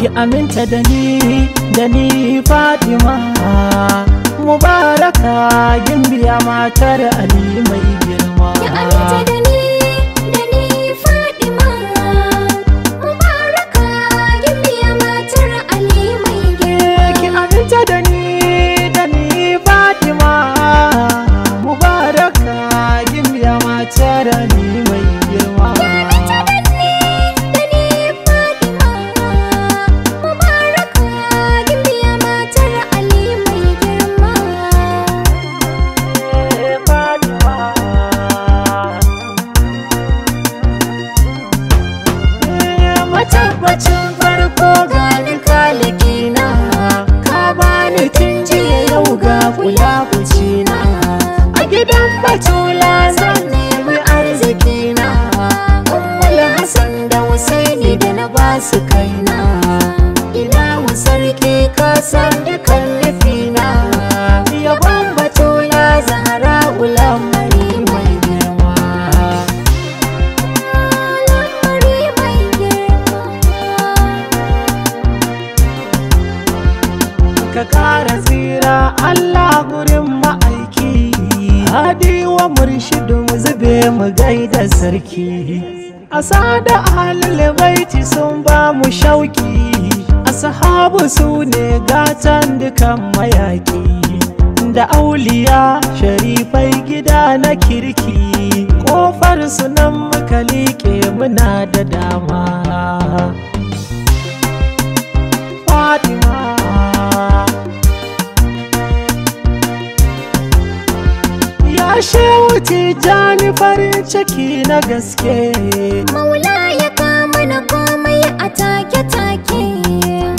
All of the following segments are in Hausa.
ki aminta da ni da ni fatima mubaraka gimbiya matar ali mai girma mabucina a gidan batula zan nemi arzikina wala hasan da husaini da na basu kaina ilahu sarki ka san dukan nufina yabon batula zahara ulan ka kara tsira Allah guri mu gaida sarki asada ahlul baiti sun ba mu shauki sahabu su ne gatan dukan mayaki da auliya sharifai gida na kirki kofar su nan muka liƙe muna da dama ki jani farin ciki na gaske maula ya kama na komai a take-take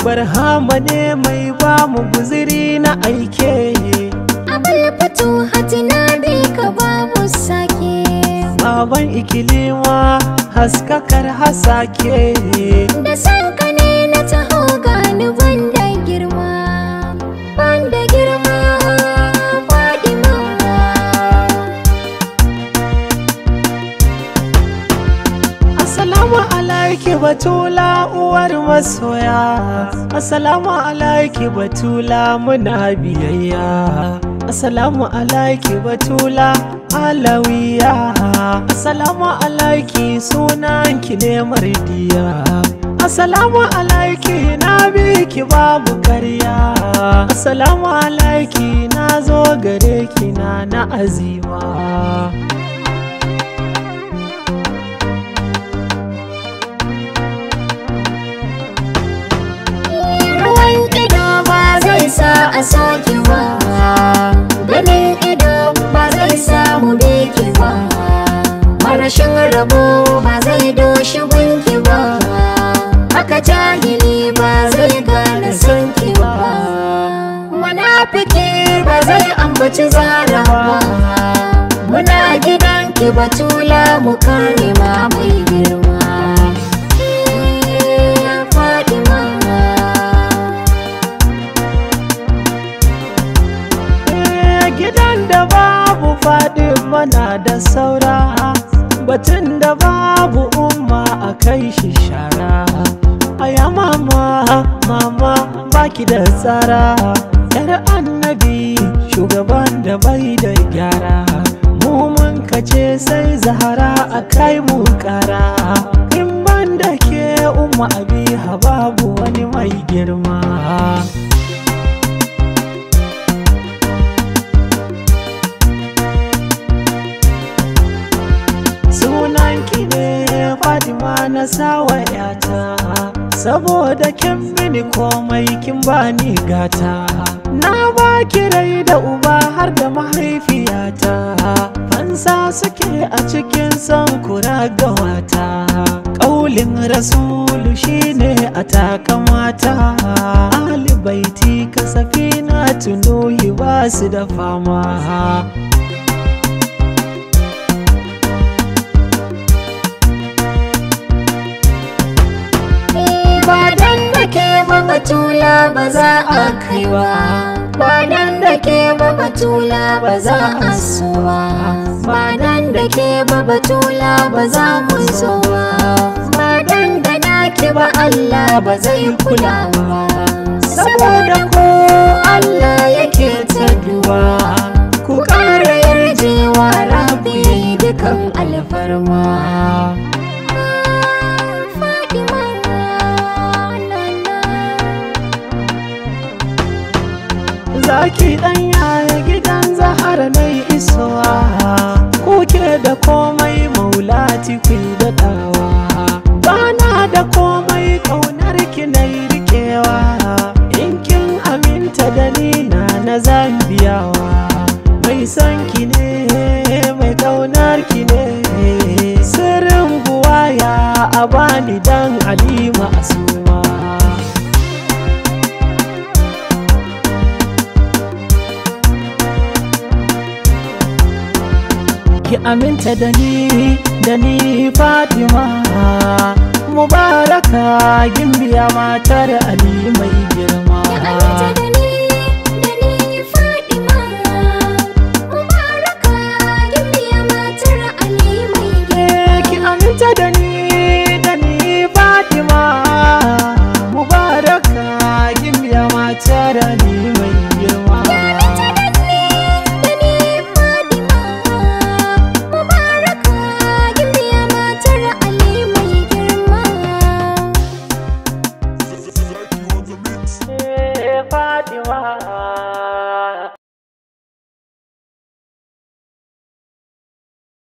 barhama ne mai ba mu guziri na aike abin fito hatina bi ka babu sake baban ikilima haskakar hasake da sanka ne na taho gani banda batula uwar masoya Assalamu alaiki batula muna biyayya Assalamu alaiki batula alawiya Assalamu alaiki sunan ki ne mardiya Assalamu alaiki na bi ki babu karya Assalamu alaiki na zo gare ki na na azima mu ma mai girma eh, Fatima eh, Gidan da babu faɗi na da saura Batun da babu umma a kai shi shara Aya mama, mama baki da tsara Yar annabi shugaban da bai da gyara ka ce sai zahara a kai mu kara in ban da ke umma abiha babu wani mai girma Sunan ne fatima na sawa yata saboda kin mini komai kin bani gata na baki rai da uba har da mahaifiyata sa suke a cikin sankura ga wata ƙaulin rasulu shine a takamata alibaiti kasafi na yi ba su da fama ba dan da ke ba batula ba za a kaiwa ba ke ba batula ba za a so ba ba nan da ke ba batula ba za mu so ba ba dan da na ba Allah ba zai kula ba saboda ko Allah yake ta duwa. ku ƙara yarjewa rabbi dukan alfarma zaki dan yaya gidan zahara mai isowa kuke da komai maulati ku da dawa bana da komai kaunar ki na rikewa in kin aminta da ni na na zambiyawa mai san ki ne mai kaunar ki ne sirrin buwaya a bani dan alima asuma ki aminta da ni da ni fatima mubaraka gimbiya matar alim.